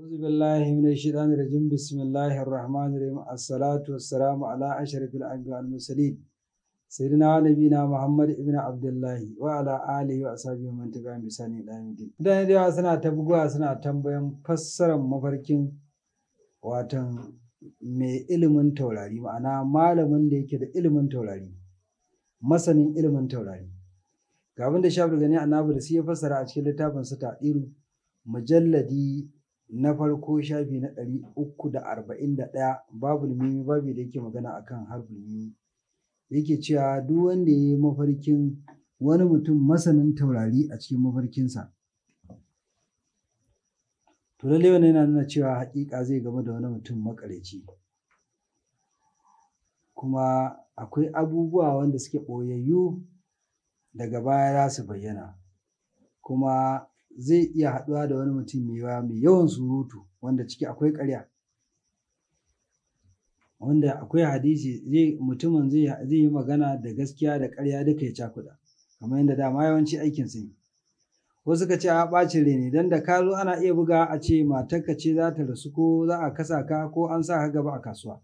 أعوذ بالله من الشيطان الرجيم بسم الله الرحمن الرحيم الصلاة والسلام على أشرف الأنبياء والمرسلين سيدنا نبينا محمد ابن عبد الله وعلى آله وأصحابه من تبعهم بإحسان إلى يوم الدين. mutane da yawa suna ta buguwa suna tambayan fassarar mafarkin watan mai ilimin taurari ma'ana malamin da yake da masanin ilimin taurari ga abin da shafi gani annabi da su ya fassara a cikin littafin su ta iru mujalladi na farko shafi na ɗari uku da arba'in da ɗaya babu mimi babu da yake magana akan harbin mimi yake cewa duk wanda ya yi mafarkin wani mutum masanin taurari a cikin mafarkinsa to lallai wannan yana nuna cewa haƙiƙa zai game da wani mutum makareci kuma akwai abubuwa wanda suke ɓoyayyu daga baya za su bayyana kuma zai iya haɗuwa da wani mutum mai yawa mai yawan surutu wanda ciki akwai ƙarya wanda akwai hadisi zai mutumin zai yi magana da gaskiya da ƙarya duka ya cakuɗa kamar yadda dama yawanci aikin sun yi wasu ka ce a ɓacin rene don da ka zo ana iya buga a ce matarka ce za ta rasu ko za a kasa ka ko an sa ka gaba a kasuwa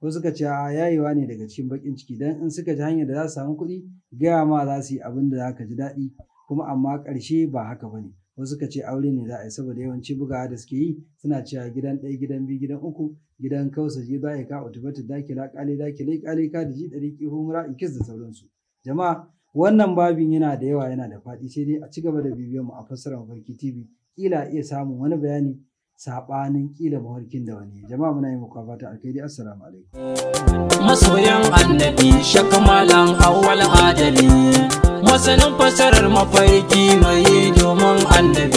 wasu ka ce a yayewa ne daga cikin baƙin ciki don in suka ji hanyar da za su samu kuɗi gaya ma za su yi abin da za ka ji daɗi kuma amma ƙarshe ba haka ba ne. wasu ka ce aure ne za a yi saboda yawanci bugawa da suke yi suna cewa gidan ɗaya gidan biyu gidan uku gidan kausa je za ka utubatu dakila kale dakile kale ka da ji ɗari ƙihu mura kis da sauransu jama'a wannan babin yana da yawa yana da faɗi sai dai a ci gaba da bibiyar mu a fassara mafarki tv kila iya samun wani bayani sabanin kila mafarkin da wani jama'a muna yi muku fata alkhairi assalamu alaikum masoyan annabi shakamalan awwal sanin fasarar mafarki mai domin annabi